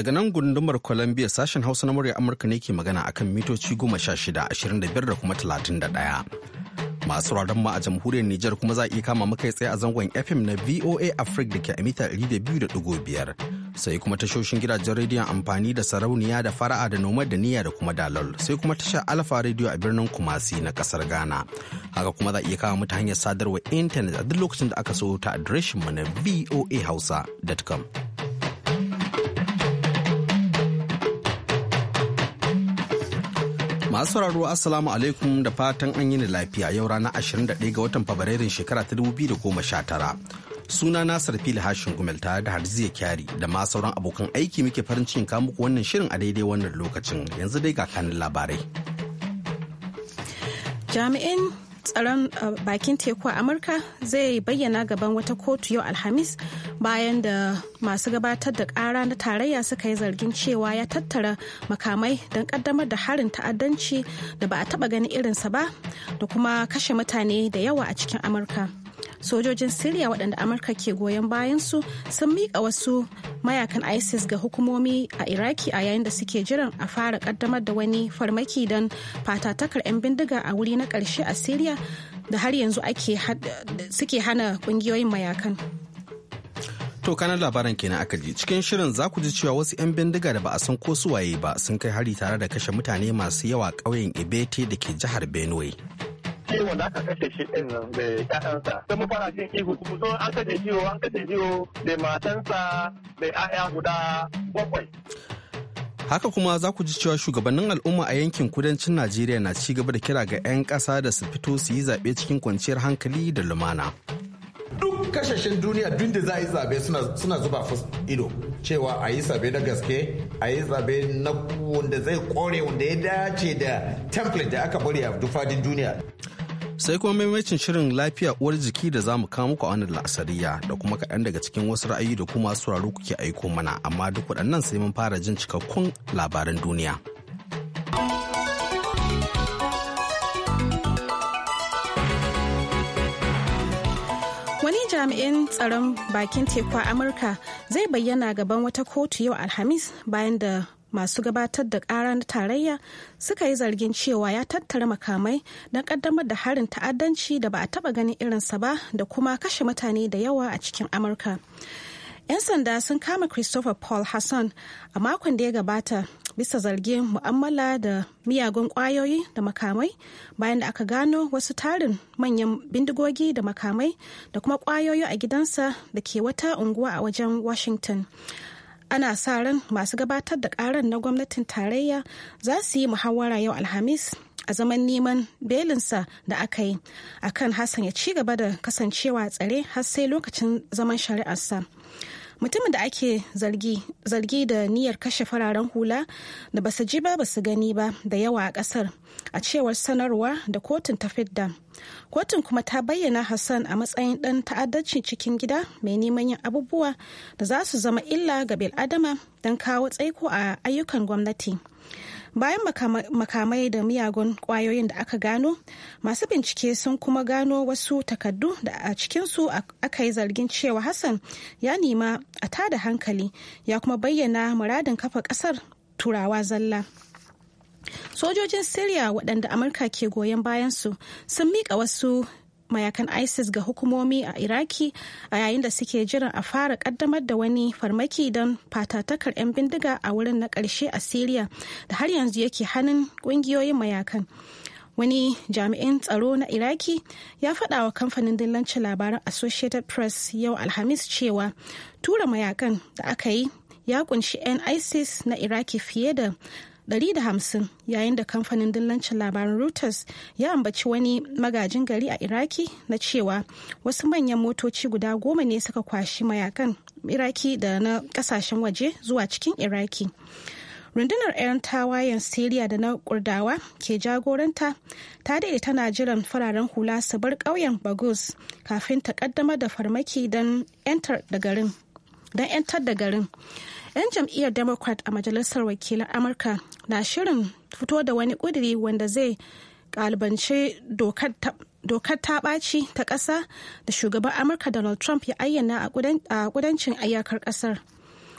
Daga nan gundumar Columbia sashen Hausa na murya Amurka ne ke magana akan mitoci goma sha shida, ashirin da biyar da kuma talatin da ɗaya. Masu raron ma a jamhuriyar Nijar kuma za a iya kama muka tsaye a zangon FM na VOA Africa da ke a mita ɗari da biyu da ɗigo biyar. Sai kuma tashoshin gidajen rediyon amfani da sarauniya da fara'a da noma da niyya da kuma dalol. Sai kuma tasha Alfa rediyo a birnin Kumasi na kasar Ghana. Haka kuma za a iya kama mu ta hanyar sadarwar intanet a duk lokacin da aka so ta adireshin mu na voahausa.com. Masu sauraro Assalamu alaikum da fatan an yi ni lafiya yau ranar 21 ga watan Fabrairun shekara ta 2019. Suna Nasar Fili Hashin Gumel tare da Harziya Kyari da ma sauran abokan aiki muke farin cikin kawo muku wannan shirin a daidai wannan lokacin yanzu dai ga kanin labarai. Jami'in tsaron uh, bakin teku a amurka zai bayyana gaban wata kotu yau alhamis bayan da masu gabatar da ƙara na tarayya suka yi zargin cewa ya tattara makamai don kaddamar da harin ta'addanci da ba a taba ganin irinsa ba da kuma kashe mutane da yawa a cikin amurka sojojin siriya waɗanda amurka ke goyon bayan su sun miƙa wasu mayakan isis ga hukumomi a iraki a yayin da suke jiran a fara ƙaddamar da wani farmaki don fatatakar 'yan bindiga a wuri na ƙarshe a siriya da har yanzu suke hana ƙungiyoyin mayakan To kanan labaran kenan aka ji cikin shirin za ku ji cewa wasu 'yan bindiga da ba a san ko waye ba sun kai hari tare da kashe mutane masu yawa ƙauyen Ibete da ke jihar Benue. shi wanda aka kashe shi nan da ƴaƴansa sai mu fara jin ihu so an kashe jiwo an kashe jiwo da matansa da ƴaƴa guda bakwai haka kuma za ku ji cewa shugabannin al'umma a yankin kudancin najeriya na ci gaba da kira ga 'yan ƙasa da su fito su yi zaɓe cikin kwanciyar hankali da lumana duk kashashen duniya duk da za a yi zaɓe suna zuba ido cewa a yi zaɓe na gaske a yi zaɓe na wanda zai kore wanda ya dace da template da aka bari a duk duniya sai kuma maimacin shirin lafiya uwar jiki da za mu kawo muku a wannan la'asariya da kuma kaɗan daga cikin wasu ra'ayi da kuma sauraro kuke aiko mana amma duk waɗannan sai mun fara jin cikakkun labaran duniya. Wani jami'in tsaron bakin teku a Amurka zai bayyana gaban wata kotu yau Alhamis bayan da masu gabatar da kara na tarayya suka yi zargin cewa ya tattara makamai don kaddamar da harin ta'addanci da ba a taba ganin irinsa ba da kuma kashe mutane da yawa a cikin amurka 'yan sanda sun kama christopher paul hassan a makon da ya gabata bisa zargin mu'amala da miyagun kwayoyi da makamai bayan da aka gano wasu tarin manyan bindigogi da makamai da kuma kwayoyi a gidansa da ke wata unguwa a wajen washington ana sa ran masu gabatar da karan na gwamnatin tarayya za su yi muhawara yau alhamis a zaman neman belinsa da aka yi akan hassan ya ci gaba da kasancewa tsare har sai lokacin zaman shari'arsa mutumin da ake zargi da niyyar kashe fararen hula da basu ji ba basu gani ba da yawa a kasar a cewar sanarwa da kotun ta fidda kotun kuma ta bayyana hassan a matsayin dan ta'addanci cikin gida mai neman yin abubuwa da za su zama illa ga bil'adama don kawo tsaiko a ayyukan gwamnati bayan makamai da miyagun kwayoyin da aka gano masu bincike sun kuma gano wasu takardu da a cikinsu aka yi zargin cewa hassan ya nema a tada hankali ya kuma bayyana muradin kafa kasar turawa zalla sojojin siriya waɗanda amurka ke goyon bayansu sun miƙa wasu mayakan isis ga hukumomi a iraki a yayin da suke jiran a fara kaddamar da wani farmaki don fatatakar 'yan bindiga a wurin na karshe a syria da har yanzu yake hannun kungiyoyin mayakan wani jami'in tsaro na iraki ya faɗa wa kamfanin dillancin labaran associated press yau alhamis cewa tura mayakan da aka yi ya kunshi 'yan isis na iraki fiye da 150 yayin da kamfanin dillancin labaran reuters ya ambaci wani magajin gari a iraki na cewa wasu manyan motoci guda goma ne suka kwashi mayakan iraki da na kasashen waje zuwa cikin iraki rundunar 'yan tawayen syria da na kurdawa ke jagoranta ta daidai tana jiran fararen hula su bar ƙauyen bagus kafin ta ƙaddamar da farmaki don 'yantar da garin 'Yan jam'iyyar Democrat a Majalisar Wakilan Amurka na shirin fito da wani ƙudiri wanda zai kalbance dokar ta ɓaci ta ƙasa da shugaban Amurka Donald Trump ya ayyana a kudancin ayyakar ƙasar.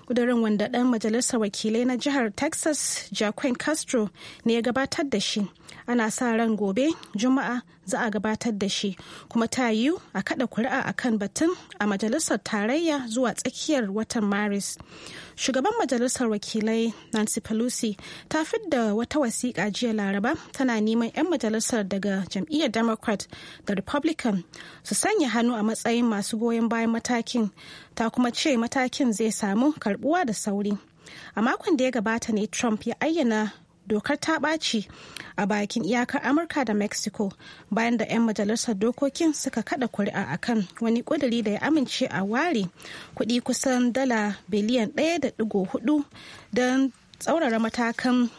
kudirin wanda ɗan majalisar wakilai na jihar texas jacqueline castro ne ya gabatar da shi ana sa ran gobe juma'a za a gabatar da shi kuma ta yiwu a kada kuri'a a kan batun a majalisar tarayya zuwa tsakiyar watan maris shugaban majalisar wakilai nancy pelosi ta fidda wata wasiƙa jiya laraba tana neman 'yan majalisar daga jam'iyyar democrat da republican su sanya hannu a matsayin masu goyon bayan matakin ta kuma ce matakin zai samu karbuwa da sauri a makon da ya gabata ne trump ya ayyana dokar ta ɓaci a bakin iyakar amurka da mexico bayan da 'yan majalisar dokokin suka kada kuri'a a kan wani ƙuduri da ya amince a ware kuɗi kusan dala biliyan 1.4 don tsaurara matakan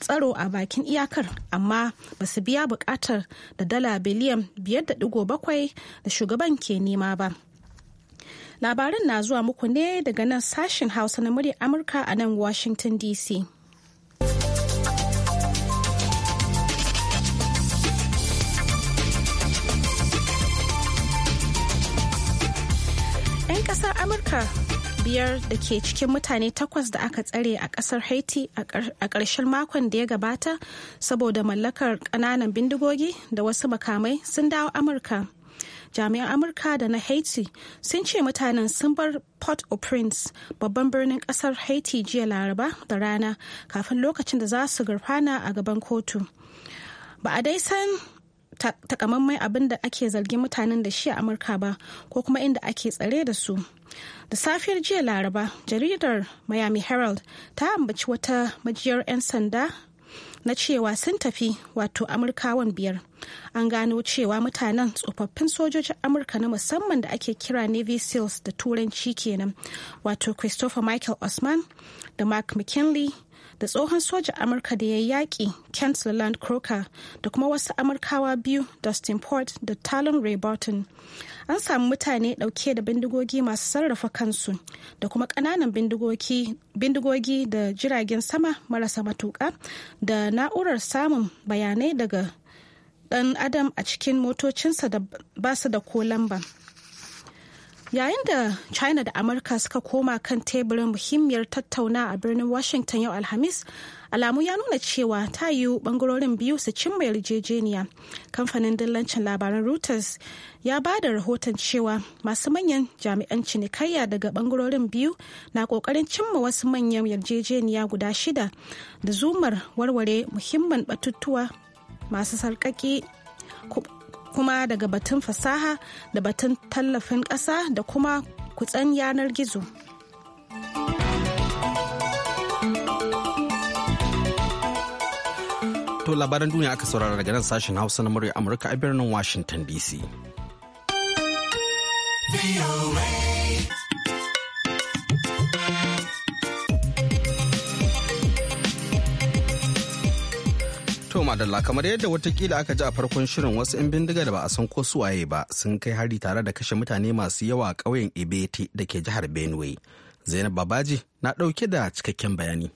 tsaro a bakin iyakar amma ba su biya bukatar da dala biliyan 5.7 da shugaban ke nema ba labarin na zuwa muku ne daga nan sashen hausa na muryar amurka a nan washington dc ƙasar Amurka biyar da ke cikin mutane takwas da aka tsare a ƙasar Haiti a ƙarshen makon da ya gabata saboda mallakar ƙananan bindigogi da wasu makamai sun dawo Amurka. jami'an amurka da na haiti sun ce mutanen sun bar port-au-prince babban birnin kasar haiti jiya laraba da rana kafin lokacin da za su garfana a gaban kotu ba a dai san takamammai abin da ake zargin mutanen da shi a amurka ba ko kuma inda ake tsare da su da safiyar jiya laraba jaridar miami herald ta ambaci wata majiyar 'yan sanda na cewa sun tafi wato amurkawan biyar an gano cewa mutanen tsofaffin sojojin amurka na musamman da ake kira navy seals da turanci kenan wato christopher michael osman da mark mckinley da tsohon sojan amurka da ya yaƙi kent leland croker da kuma wasu amurkawa biyu dustin port da talon ray burton an samu mutane ɗauke da bindigogi masu sarrafa kansu da kuma ƙananan bindigogi da jiragen sama marasa matuƙa da na'urar samun bayanai daga ɗan adam a cikin motocinsa da basu da ko lamba. Yayin da China da Amurka suka koma kan teburin muhimmiyar tattauna a birnin Washington yau Alhamis, alamu ya nuna cewa ta yiwu bangarorin biyu su cimma yarjejeniya. Kamfanin dillancin labaran Reuters ya ba da rahoton cewa masu manyan jami'an cinikayya daga bangarorin biyu na kokarin cimma wasu manyan yarjejeniya guda shida da zumar warware muhimman batutuwa masu sarkaki. kuma daga batun fasaha da batun tallafin ƙasa da kuma kutsen yanar gizo. To labaran duniya aka saurara daga nan sashen Hausa na murya Amurka a birnin Washington DC. To madalla kamar yadda watakila aka ji a farkon shirin wasu 'yan bindiga da ba a san ko suwaye ba sun kai hari tare da kashe mutane masu yawa a ƙauyen Ibeti da ke jihar Benue. Zainab Babaji na ɗauke da cikakken bayani.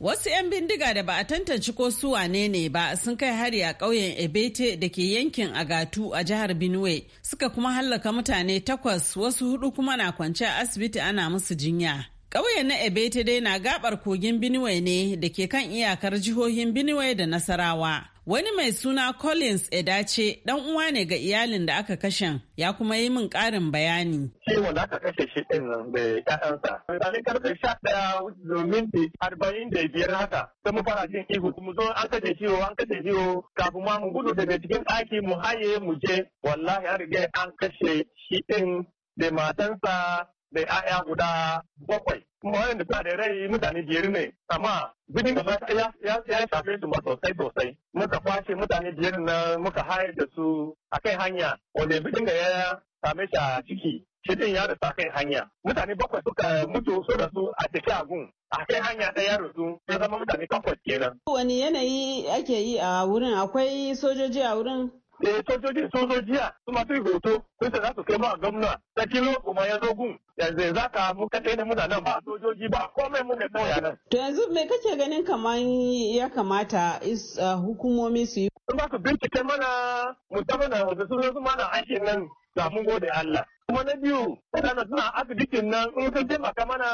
Wasu 'yan bindiga da ba a tantance ko su wane ne ba sun kai hari a ƙauyen Ebete da ke yankin Agatu a jihar Benue suka kuma hallaka mutane takwas wasu hudu kuma na kwance a asibiti ana musu jinya. Ƙauyen na Ebete dai na gabar kogin Benue ne da ke kan iyakar jihohin Benue da Nasarawa. Wani mai suna Collins Edace dan uwa ne ga iyalin da aka kashen ya kuma yi min ƙarin bayani. Shi wanda aka kashe shi ɗin nan da ƴaƴansa. Misalin karfe sha ɗaya domin arba'in da biyar haka. Sai mu fara jin ihu mu zo an kashe shi an kashe shi kafin ma mu gudu daga cikin ɗaki mu haye mu je wallahi an riga an kashe shi ɗin da matansa da ya'ya guda bakwai kuma waɗanda suna da rai mutane biyar ne amma birnin gaba ya ya shafe su ba sosai sosai muka kwashe mutane biyar na muka hayar da su akan hanya wanda birnin ga ya same shi a ciki shirin ya rasu kan hanya mutane bakwai suka mutu su rasu a cikin agun a kan hanya ɗaya ya rasu ya zama mutane takwas kenan. wani yanayi ake yi a wurin akwai sojoji a wurin eh sojojin sojojiya su masu hoto sun da za su kai ma gwamna kilo kuma ya zo gun yanzu za ka mu tsaye da mutanen ba sojoji ba komai ne sauya nan. to yanzu me kake ganin kamar ya kamata uh, hukumomi su yi. sun ba su bincike mana mu ta mana da sun zo mana aikin nan da mun gode Allah. Kuma na biyu, tana suna asibitin nan in sun taimaka mana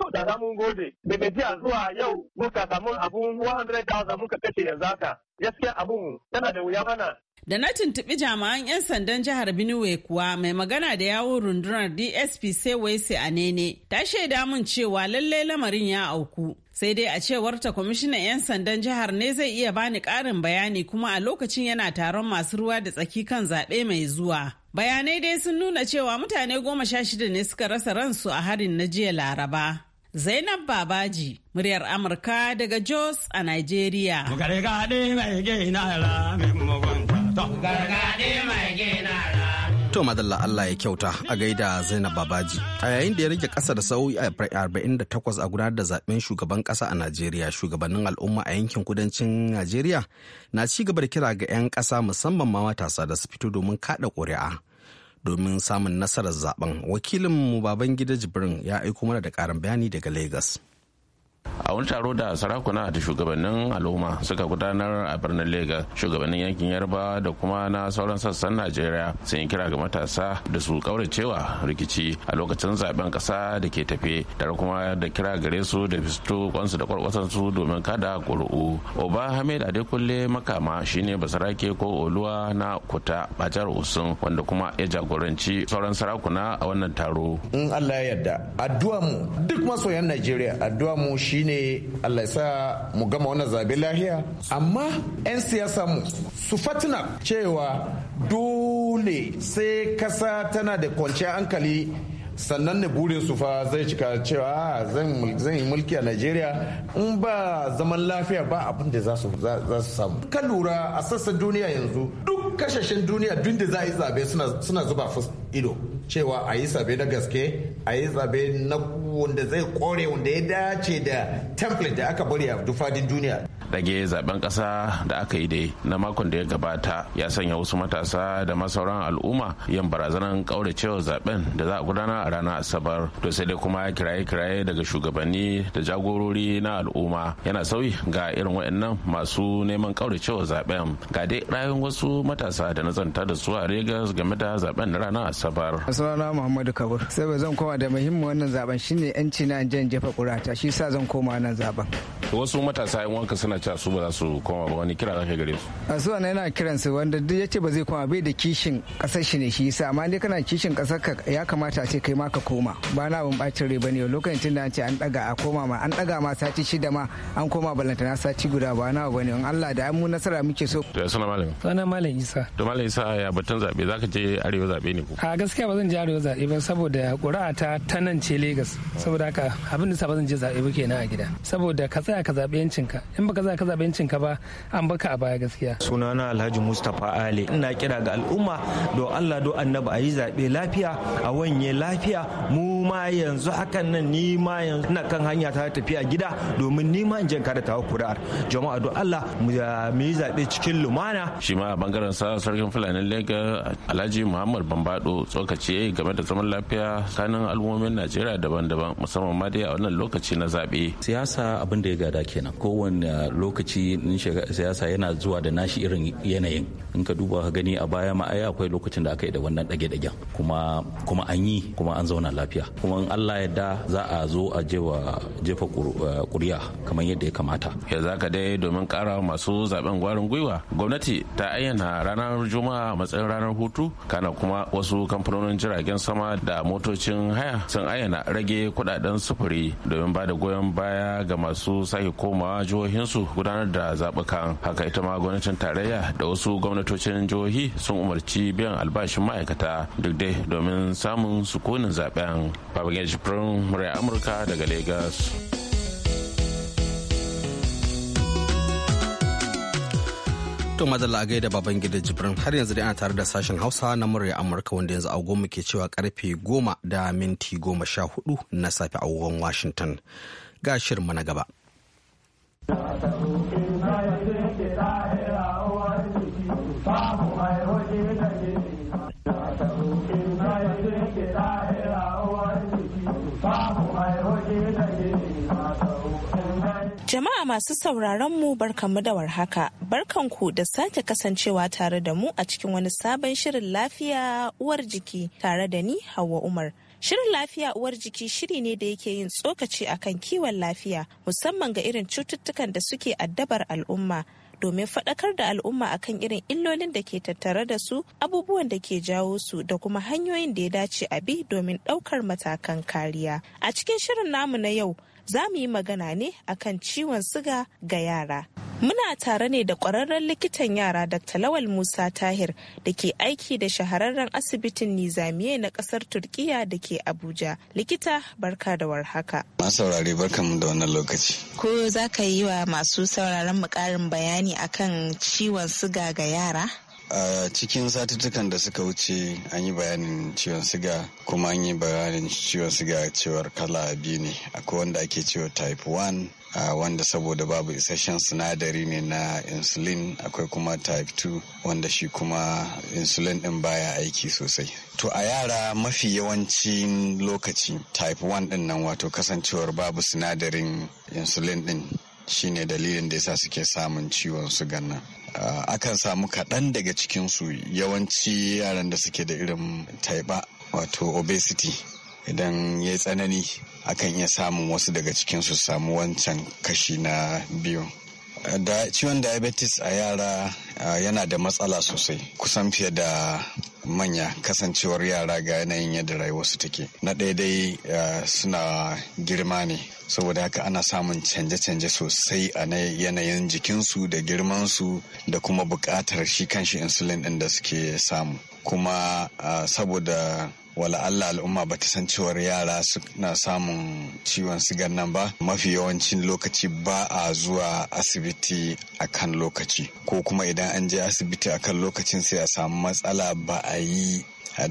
to da za mu gode. Daga jiya zuwa yau muka samu abun 100,000 muka kashe yanzu haka. Gaskiya abun tana da wuya mana. Da na tuntuɓi jami'an 'yan sandan jihar Benue kuwa mai magana da yawon rundunar DSP sai a Anene ta shaida mun cewa lallai lamarin ya auku. Sai dai a cewarta kwamishinan 'yan sandan jihar ne zai iya bani ƙarin bayani kuma a lokacin yana taron masu ruwa da tsaki kan zaɓe mai zuwa. Bayanai dai sun nuna cewa mutane goma sha shida ne suka rasa ransu a harin na jiya Laraba. Zainab Babaji, muryar Amurka daga Jos a Nigeria. gade mai gina mai mugunta. gade mai gina To madalla Allah ya kyauta a gaida Zainab Babaji. A yayin da ya rage kasa da sauyi a 48 a gudanar da zaben shugaban ƙasa a Najeriya, shugabannin al'umma a yankin kudancin Najeriya na ci gaba da kira ga 'yan ƙasa musamman ma matasa da su fito domin kaɗa ƙuri'a. Domin samun nasarar zaben, wakilin mu baban Babangida Jibrin ya aiko mana da karin bayani daga Lagos. a wani taro da sarakuna da shugabannin al'umma suka gudanar a birnin lagos shugabannin yankin yarbawa da kuma na sauran sassan najeriya sun yi kira ga matasa da su cewa rikici a lokacin zaben kasa da ke tafe da kuma da kira gare su da fisto kwansu da kwarkwasansu su domin kada ƙuri'u oba hamid adekunle makama shine basarake ko oluwa na kuta a jihar osun wanda kuma ya jagoranci sauran sarakuna a wannan taro in allah ya yarda addu'a mu duk masoyan najeriya addu'a mu shi shine allah sa mu gama wannan zabe lahiya amma 'yan siyasa mu su fatina cewa dole sai kasa tana da kwanciyar hankali sannan ne burin su fa zai cika cewa ah, zan yi mulki a najeriya in ba zaman lafiya ba abin da za su samu ka lura a sassan duniya yanzu duk kashashen duniya duk da za a yi zabe suna zuba ido cewa a yi zabe na gaske a yi zabe na wanda zai kore wanda ya dace da template da aka bari a dufadin duniya rage zaben kasa da aka yi dai na makon da ya gabata ya sanya wasu matasa da masauran al'umma yin barazanar kauracewa zaben da za a gudanar a ranar asabar to sai dai kuma kiraye-kiraye daga shugabanni da jagorori na al'umma yana sauyi ga irin waɗannan masu neman kauracewa zaben ga dai rayuwar wasu matasa da na zanta da su a regas game da zaben na ranar asabar sunana muhammadu kabur sai ba zan koma da muhimmin wannan zaben shine yanci na jan jefa kurata shi sa zan koma nan zaben wasu matasa yan wanka suna ta su ba za su koma ba wani kira za ka gare su a su ana yana kiran su wanda duk yace ba zai koma bai da kishin kasar shi ne shi yasa amma dai kana kishin kasar ka ya kamata a ce kai ma ka koma ba na bin bacin rai bane lokacin da an ce an daga a koma ma an daga ma sati shida ma an koma balantana sati guda ba na bane in Allah da an mu nasara muke so to sana malam sana malam Isa to malam Isa ya batun zabe zaka je arewa zabe ne ko a gaskiya ba zan je arewa zabe ba saboda ƙuri'a ta ta nan ce Lagos saboda haka abin da sa ba zan je zabe ba kenan a gida saboda ka tsaya ka zabe yancinka in ba ka ka zaɓi yancin ka ba an baka a baya gaskiya sunana alhaji mustapha ali ina kira ga al'umma do allah do annabi a yi zaɓe lafiya a wanye lafiya mu ma yanzu hakan nan ni ma yanzu ina kan hanya ta tafiya gida domin ni ma in jan kada tawa kuri'ar jama'a don Allah eh, mu yi zaɓe cikin lumana. Shi ma a bangaren sa sarkin Fulani legas Alhaji Muhammad Bambado tsokaci game da zaman lafiya tsakanin al'ummomin Najeriya daban-daban musamman ma dai a wannan lokaci na zabe. Siyasa abin da ya gada kenan kowane lokaci siyasa yana zuwa da nashi irin yanayin in ka duba ka gani a baya ma ai akwai lokacin da aka yi da wannan dage-dagen kuma kuma an yi kuma an zauna lafiya kuma in allah da za a zo a jefa kuriya eh, kamar yadda ya kamata za ka dai domin kara masu zaben gwarin gwiwa gwamnati ta ayyana ranar juma'a matsayin ranar hutu kana kuma wasu kamfanonin jiragen sama da motocin haya sun ayyana rage kudaden sufuri domin ba da goyon baya ga masu sake komawa jihohinsu gudanar da zaɓukan haka ita ma gwamnatin tarayya da wasu gwamnatocin jihohi sun umarci biyan albashin ma'aikata duk dai domin samun sukunin zaben babangeji prim murya amurka daga lagos To madalla a gaida baban gida Jibrin har yanzu dai ana tare da sashen Hausa na murya Amurka wanda yanzu agogo ke cewa karfe goma da minti goma sha hudu na safe agogon Washington. Ga shirin na gaba. A masu sauraron mu barkanmu da warhaka. ku da sake kasancewa tare da mu a cikin wani sabon shirin lafiya uwar jiki tare da ni Hauwa Umar. Shirin lafiya uwar jiki shiri ne da yake yin tsokaci akan kiwon lafiya musamman ga irin cututtukan da suke addabar al'umma. domin faɗakar da al'umma akan irin illolin da ke tattare da su abubuwan da ke jawo su da kuma hanyoyin da ya dace a bi domin ɗaukar matakan kariya a cikin shirin namu na yau za mu yi magana ne akan ciwon siga ga yara. Muna tare ne da ƙwararren likitan yara Dr. Lawal Musa Tahir da ke aiki da shahararren asibitin Nizamiye na ƙasar Turkiya da ke Abuja. Likita barka da warhaka. Masu saurare barkanmu da wannan lokaci. Ko za ka yi wa masu sauraron mu ƙarin bayani akan ciwon siga ga yara? a cikin satuttukan da suka wuce an yi bayanin ciwon siga kuma an yi bayanin ciwon siga cewar kala biyu ne akwai wanda ake cewa type 1 Uh, wanda saboda babu isasshen sinadari ne na insulin akwai kuma type 2 wanda shi kuma insulin din baya aiki sosai to a yara mafi yawancin lokaci type 1 din nan wato kasancewar babu sinadarin insulin din shine dalilin da ya sa suke samun ciwon sugan nan ah, akan samu kaɗan daga cikinsu yawanci yaran da suke da irin taiba wato obesity idan ya tsanani akan iya samun wasu daga cikinsu samu wancan kashi na biyu da ciwon diabetes a yara yana da matsala sosai kusan fiye da manya kasancewar yara ga yanayin yadda rayuwarsu take na daidai suna girma ne saboda haka ana samun canje-canje sosai a yanayin jikinsu da girmansu da kuma buƙatar shi kanshi insulin ɗin da suke samu kuma saboda wala Allah al'umma ba ta san cewar yara suna samun ciwon sigar nan ba mafi yawancin lokaci ba a zuwa asibiti a kan lokaci ko kuma idan an je asibiti a kan lokacin sai a samu matsala ba a yi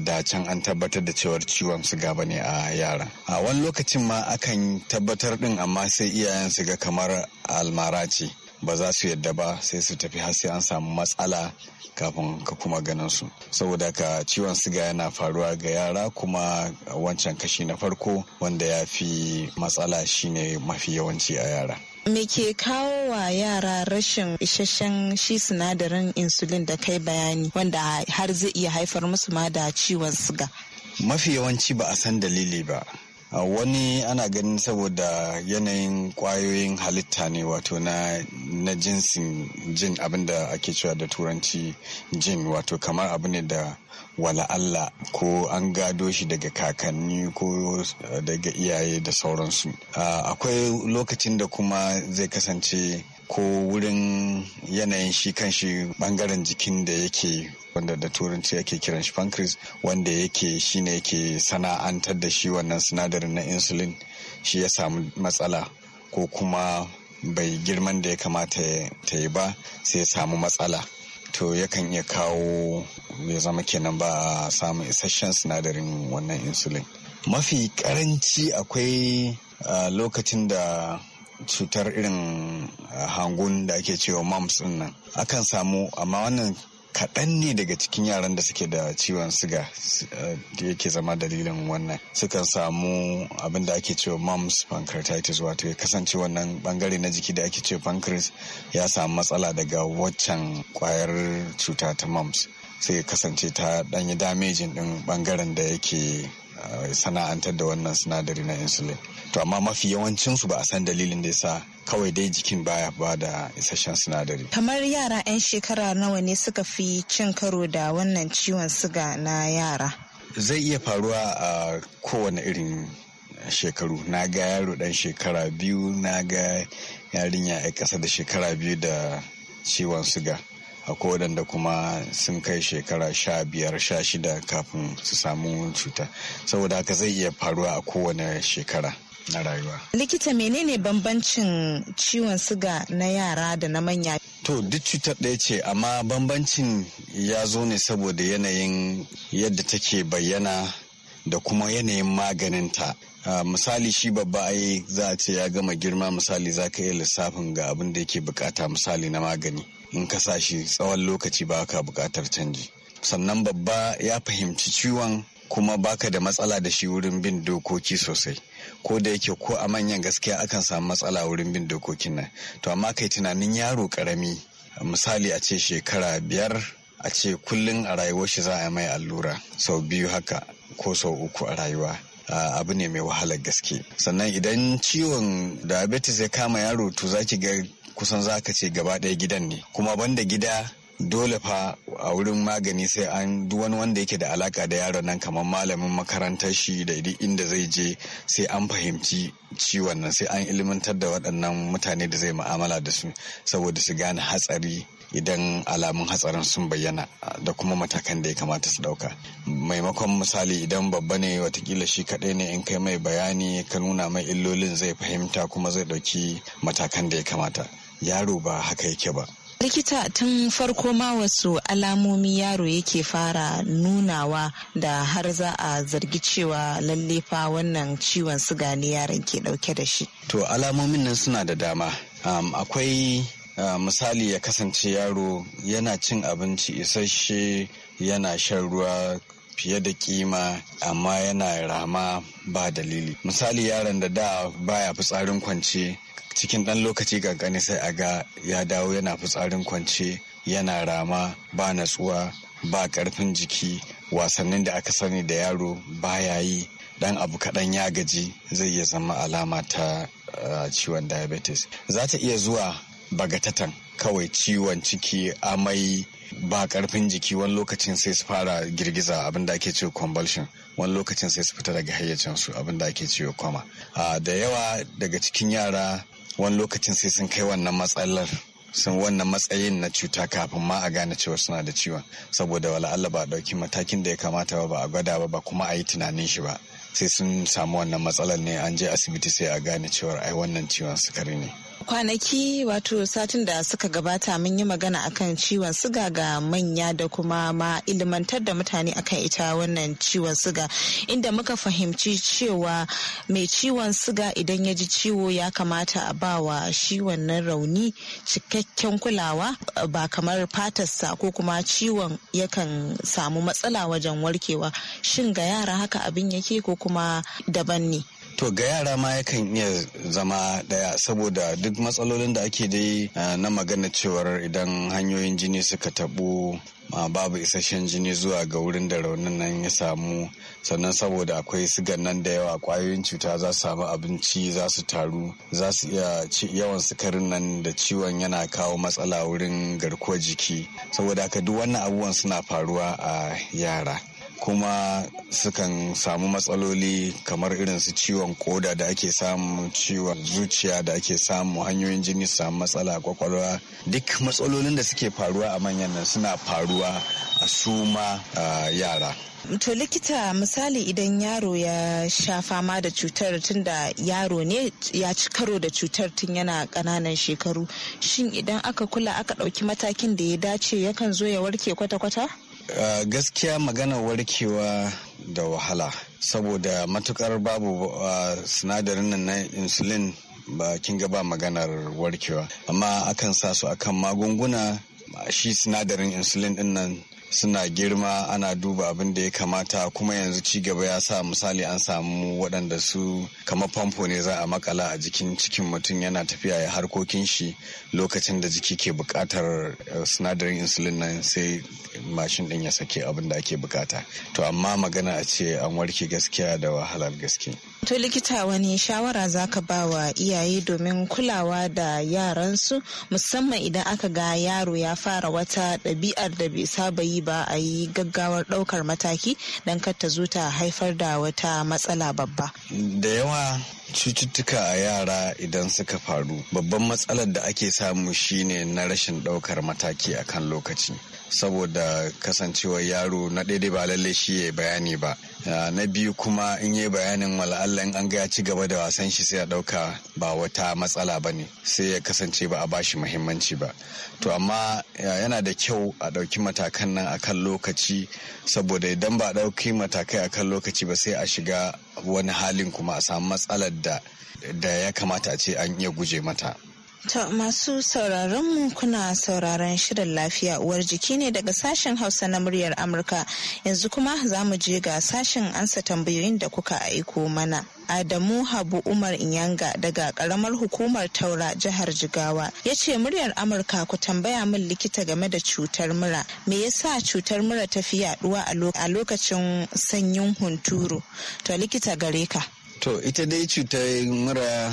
da can an tabbatar da cewar ciwon siga ba ne a yaran a wani lokacin ma akan tabbatar din amma sai iyayen siga kamar almara ce ba za su yadda ba sai su tafi har sai an samu matsala kafin ka kuma ganin su saboda ka ciwon siga yana faruwa ga yara kuma wancan kashi na farko wanda ya fi matsala shine mafi yawanci a yara me ke kawo wa yara rashin isasshen shi sinadarin insulin da kai bayani wanda har zai iya haifar musu ma da ciwon siga mafi yawanci ba a san dalili ba wani ana ganin saboda yanayin kwayoyin halitta ne wato na jinsin jin abinda ake cewa da turanci jin wato kamar abu ne da wala Allah ko an gado shi daga kakanni ko daga iyaye da sauransu akwai lokacin da kuma zai kasance ko wurin yanayin shi kan shi bangaren jikin da yake wanda da turanci yake kiran shi pancreas wanda yake shine yake sana'antar da shi wannan sinadarin na insulin shi ya samu matsala ko kuma bai girman da ya kamata ta yi ba sai ya samu matsala to yakan iya kawo ya zama kenan ba a samun isasshen sinadarin wannan insulin mafi karanci akwai ah, lokacin da cutar irin eh, hangun da ake cewa mams din nan akan samu amma wannan kaɗan ne daga cikin yaran da suke da ciwon siga eh, da yake zama dalilin wannan sukan samu abin da ake cewa mumps pancreatitis wato ya kasance wannan bangare na jiki da ake cewa pancreas ya samu matsala daga waccan kwayar cuta ta mumps sai ya kasance ta danyi damejin din bangaren da yake sana'antar da wannan sinadari na insulin to amma mafi yawancin su ba a san dalilin da yasa kawai dai jikin baya ba da isasshen sinadari kamar yara 'yan shekara nawa ne suka fi cin karo da wannan ciwon suga na yara zai iya faruwa a kowane irin shekaru na ga yaro dan shekara biyu na ga yarinya ya kasa da shekara biyu da ciwon suga akwai waɗanda kuma sun kai shekara sha biyar sha shida kafin su samu cuta saboda haka zai iya faruwa a kowane shekara na rayuwa. Likita menene bambancin ciwon siga na yara da na manya? To duk cutar ɗaya ce amma bambancin ya zo ne saboda yanayin yadda take bayyana da kuma yanayin maganinta. Uh, misali shi babba ai za a ce ya gama girma misali za ka iya lissafin ga abin da yake bukata misali na magani in ka sa shi tsawon lokaci ba ka buƙatar canji sannan babba ya fahimci ciwon kuma baka da matsala da shi wurin bin dokoki sosai ko da yake ko a manyan gaskiya akan samu matsala wurin bin dokokin nan to amma kai tunanin yaro karami misali a ce shekara biyar a ce kullun a rayuwar shi za a mai allura sau biyu haka ko sau uku a rayuwa abu ne mai wahalar gaske sannan idan ciwon diabetes ya kama yaro to za ki ga kusan za ka ce gaba ɗaya gidan ne kuma banda gida dole fa a wurin magani sai an duk wani wanda yake da alaka da yaron nan kamar malamin makarantar shi da inda zai je sai an fahimci ciwon nan sai an ilmantar da waɗannan mutane da zai ma'amala da su saboda su gane hatsari idan alamun hatsarin sun bayyana da kuma matakan da ya kamata su dauka maimakon misali idan babba ne watakila shi kaɗai ne in kai mai bayani ka nuna mai illolin zai fahimta kuma zai ɗauki matakan da ya kamata yaro ba haka yake ba likita tun farko ma wasu alamomi yaro yake fara nunawa da har za a zargi cewa lallefa wannan ciwon suga ne yaron ke dauke da shi to alamomin nan suna da dama um, akwai misali ya kasance yaro yana cin abinci isasshe yana shan ruwa fiye da kima amma yana rama ba dalili misali yaron da da baya fitsarin kwance cikin dan lokaci gangane sai a ga ya dawo yana fitsarin kwance yana rama ba natsuwa ba karfin jiki wasannin da aka sani da yaro baya yi dan abu kaɗan ya gaji zai iya zama alama ta ah, ciwon diabetes za ta iya zuwa bagatatan kawai ciwon ciki amai ba karfin jiki wani lokacin sai su fara girgiza abin da ake cewa convulsion wani lokacin sai su fita daga hayyacinsu abin da ake cewa kwama da yawa daga cikin yara wani lokacin sai sun kai wannan matsalar sun wannan matsayin na cuta kafin ma a gane cewa suna da ciwon saboda wala Allah ba a matakin da ya kamata ba ba a gwada ba ba kuma a yi tunanin shi ba sai sun samu wannan matsalar ne an je asibiti sai a gane cewa ai wannan ciwon sukari ne kwanaki wato satin da suka gabata mun yi magana akan ciwon siga ga manya da kuma ma ilimantar da mutane akan ita wannan ciwon siga inda muka fahimci cewa mai ciwon siga idan ya ji ciwo ya kamata a bawa shi wannan rauni cikakken kulawa ba kamar fatarsa ko kuma ciwon yakan samu matsala wajen warkewa shin ga yara haka abin yake ko kuma daban ne To ga yara ma yakan iya zama daya saboda duk matsalolin da ake dai eh, na magana cewar idan hanyoyin jini suka taɓo babu isasshen jini zuwa ga wurin da raunin nan ya samu sannan saboda akwai sigan nan da yawa kwayoyin cuta za su samu abinci za su taru za su iya yawan sukarin nan da ciwon yana kawo matsala wurin garkuwar jiki saboda haka duk wannan abubuwan suna faruwa a yara kuma sukan samu matsaloli kamar irin su ciwon koda da ake samu ciwon zuciya da ake samu hanyoyin jini su samu matsala kwakwalwa duk matsalolin da suke faruwa a manyan nan suna faruwa a suma yara To likita misali idan yaro ya sha fama da cutar tun da yaro ne ya ci karo da cutar tun yana kananan shekaru. Shin idan aka kula aka ɗauki matakin da ya dace yakan zo ya warke kwata-kwata? Eh, gaskiya magana warkewa da wahala saboda matukar babu eh, sinadarin nan na insulin ba kin ga ba maganar warkewa amma akan sa su akan magunguna shi sinadarin insulin din nan suna girma ana duba abin da ya kamata kuma yanzu ci gaba ya sa misali an samu waɗanda su kamar famfo ne za a makala a jikin cikin mutum yana tafiya ya harkokin shi lokacin da jiki ke buƙatar eh, sinadarin insulin nan sai mashin ɗin ya sake abin da ake buƙata to amma magana a ce an warke gaskiya da wahalar gaske to likita wani shawara za ka ba wa iyaye domin kulawa da yaransu musamman idan aka ga yaro ya fara wata ɗabi'ar da bai saba yi ba a yi gaggawar ɗaukar mataki don kar ta zo ta haifar da wata matsala babba. Da yawa cututtuka a yara idan suka faru babban matsalar da ake samu shine na rashin ɗaukar mataki akan lokaci. saboda kasancewa yaro na daidai ba lalle shi ya bayani ba ah, na biyu kuma in yi bayanin wala'alla in an ga ci gaba da wasan shi sai ya dauka ba wata matsala ba ne sai ya kasance ba a bashi muhimmanci ba to amma yana da kyau a dauki matakan nan a kan lokaci saboda idan ba ɗauki matakai a kan lokaci ba sai a shiga wani halin kuma a samu matsalar da ya kamata a ce an iya guje mata To masu sauraron mu kuna sauraron shirin lafiya uwar jiki ne daga sashen Hausa na muryar Amurka yanzu kuma za mu je ga sashen ansa tambayoyin da kuka aiko mana. Adamu Habu Umar Inyanga daga karamar hukumar Taura jihar Jigawa ya ce muryar Amurka ku tambaya min likita game da cutar mura. Me yasa cutar mura ta fi yaduwa a lokacin sanyin hunturu? To likita gare ka. To ita dai cutar mura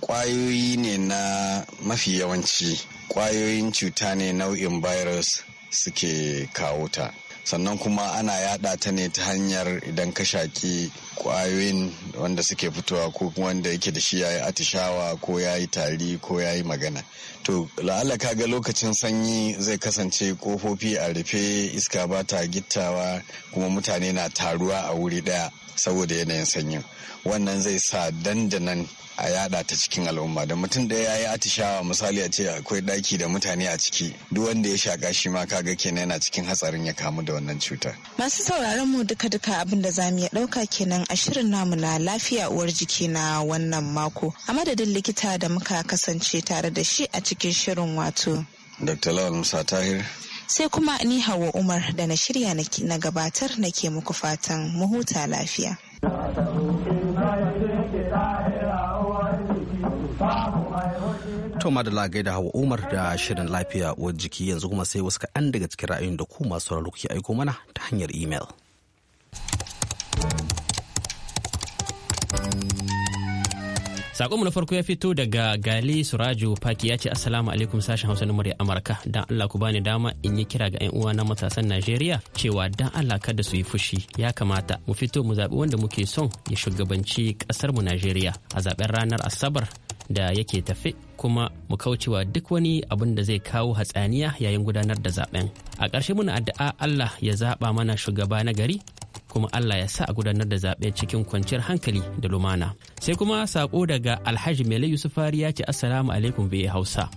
kwayoyi ne na mafi yawanci kwayoyin cuta ne nau'in virus suke kawo ta sannan kuma ana yada ta ne ta hanyar idan ka shaki kwayoyin wanda suke fitowa ko wanda yake da shi yayi atishawa ko yayi tari ko yayi magana to la'alla ga lokacin sanyi zai kasance kofofi a rufe iska ba ta gittawa kuma mutane na taruwa a wuri daya saboda yanayin sanyi wannan zai sa dandanan a yada ta cikin al'umma da mutum da ya yi atishawa misali a ce akwai daki da mutane a ciki duk wanda ya shaka shi ma kaga kenan yana cikin hatsarin ya kamu da da wannan cutar. Masu sauraron mu duka-duka abin da za mu iya ɗauka kenan a shirin namu na lafiya uwar jiki na wannan mako. A madadin likita da muka kasance tare da shi a cikin shirin wato. Dr. Lawal Musa Tahir. Sai kuma ni Hawa Umar da na shirya na gabatar nake muku fatan mu huta lafiya. To madalla da hawa Umar da shirin lafiya uwar jiki yanzu kuma sai wasu kaɗan daga cikin ra'ayin da ku masu sauraro kuke aiko mana ta hanyar imel. Sakonmu na farko ya fito daga Gali Surajo paki ya ce Assalamu alaikum sashen Hausa na murya Amurka. Dan Allah ku bani dama in yi kira ga 'yan uwa na matasan Najeriya cewa dan Allah kada su yi fushi ya kamata mu fito mu zaɓi wanda muke son ya shugabanci ƙasarmu Najeriya a zaɓen ranar Asabar da yake tafe kuma mu kaucewa duk wani abin da zai kawo hatsaniya yayin gudanar da zaben a ƙarshe muna addu'a allah ya zaɓa mana shugaba na gari kuma allah ya sa a gudanar da zaɓe cikin kwanciyar hankali da lumana sai kuma saƙo daga alhaji mele yusuf ya ce assalamu alaikum bai hausa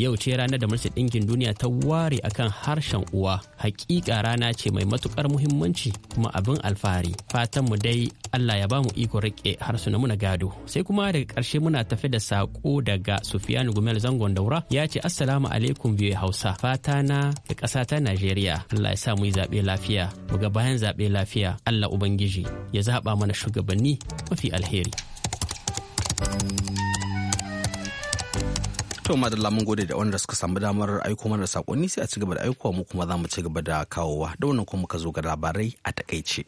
yau ce ranar da majalisar ɗinkin duniya ta ware akan harshen uwa hakika rana ce mai matukar muhimmanci kuma abin alfahari fatan mu dai Allah ya bamu iko rike harsunanmu na gado sai kuma daga ƙarshe muna tafi da sako daga Sufiyanu Gumel Zangon Daura ya ce assalamu alaikum biyu Hausa fata na da ƙasa ta Najeriya Allah ya sa mu yi zaɓe lafiya mu ga bayan zaɓe lafiya Allah ubangiji ya zaba mana shugabanni mafi alheri. thank you To madalla mun gode da wanda suka samu damar aiko mana sakonni sai a cigaba da aikowa mu kuma za mu ci gaba da kawowa da wannan kuma muka zo ga labarai a takaice.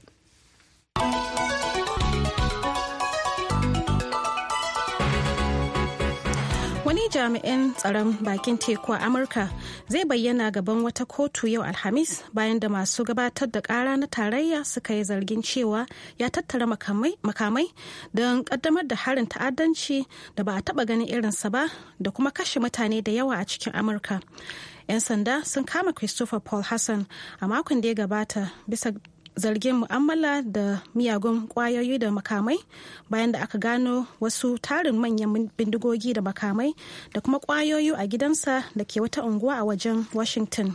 jami'in tsaron bakin teku a Amurka zai bayyana gaban wata kotu yau Alhamis bayan da masu gabatar da kara na tarayya suka yi zargin cewa ya tattara makamai don kaddamar da harin ta'addanci da ba a taba ganin irinsa ba da kuma kashe mutane da yawa a cikin Amurka. 'Yan sanda sun kama Christopher Paul Hassan a makon da ya gabata bisa zargin mu'amala da miyagun kwayoyi da makamai bayan da aka gano wasu tarin manyan bindigogi da makamai da kuma kwayoyi a gidansa da ke wata unguwa a wajen washington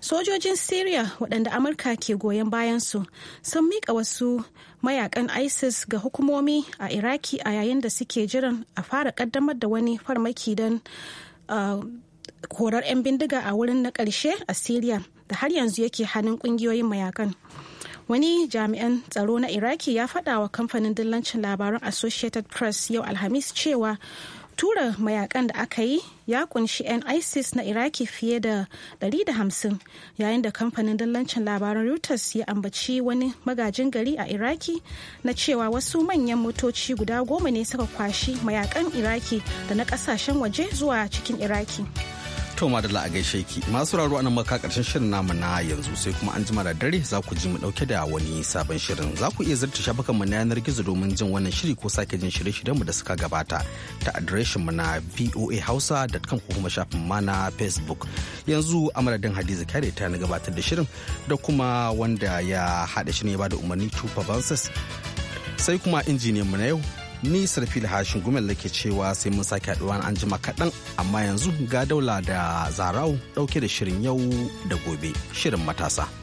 sojojin syria waɗanda amurka ke goyon bayansu sun miƙa wasu mayakan isis ga hukumomi a iraki a yayin da suke jiran a fara ƙaddamar da wani farmaki don uh, korar 'yan bindiga a wurin na ƙarshe a syria da har yanzu yake hannun kungiyoyin mayakan wani jami'an tsaro na iraki ya faɗa wa kamfanin dillancin labaran associated press yau alhamis cewa tura mayakan da aka yi ya kunshi 'yan isis na iraki fiye da 150 yayin da kamfanin dillancin labaran reuters ya ambaci wani magajin gari a iraki na cewa wasu manyan motoci guda goma ne suka kwashi mayakan iraki da na kasashen waje zuwa cikin iraki. To ma da la'a gaishe ki masu raro nan maka karshen shirin namu na yanzu sai kuma an jima da dare za ku ji mu dauke da wani sabon shirin za ku iya zarta shafukan mu na yanar gizo domin jin wannan shiri ko sake jin shirye-shiryen mu da suka gabata ta adireshin mu na voahausa.com ko kuma shafin ma na Facebook yanzu a Hadiza kare ta na gabatar da shirin da kuma wanda ya hada shirin ya bada umarni Tufa sai kuma injiniyan mu na yau ni sarfi da hashin gumel ke cewa sai mun sake haɗuwa an jima kaɗan amma yanzu ga daula da zarau ɗauke da shirin yau da gobe shirin matasa